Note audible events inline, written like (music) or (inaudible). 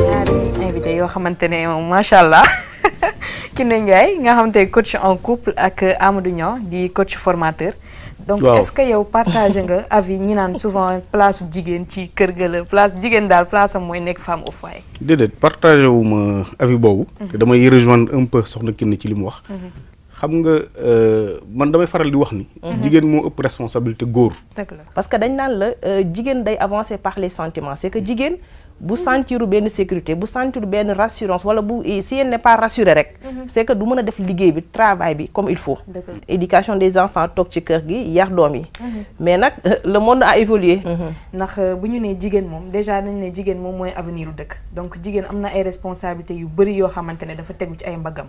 ñaari yoo xamante ne moom macha allah (laughs) Kiné Ndiaye nga xamante ne coach en couple ak Amadou Niang di coach formateur. donc wow. est-ce que yow partagé nga (laughs) avis ñi naan souvent place jigéen ci kër ga la place jigéen daal place am mooy nekk femme au foyer. déedéet partagé wu ma avis boobu. Mhm. te damay rejoindre un peu soxna Kiné ci li wax. Mhm. xam nga euh, man damay faral di wax ni. Mhm. jigéen moo ëpp responsabilité góor. parce que dañ naan la euh, jigéen day avancer par les sentiments c'est que jigéen bu sentir benn sécurité bu sentir benn rassurance wala bu si elle n'est pas rassurée rek. Mhm. c'est que du mën a def liggéey bi travail bi comme il faut. éducation des enfants toog ci kër gi yar doom yi. Mhm. mais nag euh, le monde a évolué. ndax bu ñu nee jigéen moom déjà nañ ne jigéen moom mooy avenir u dëkk donc jigéen am na ay responsabilités yu bari yoo xamante ne dafa tegu ci ay mbagam.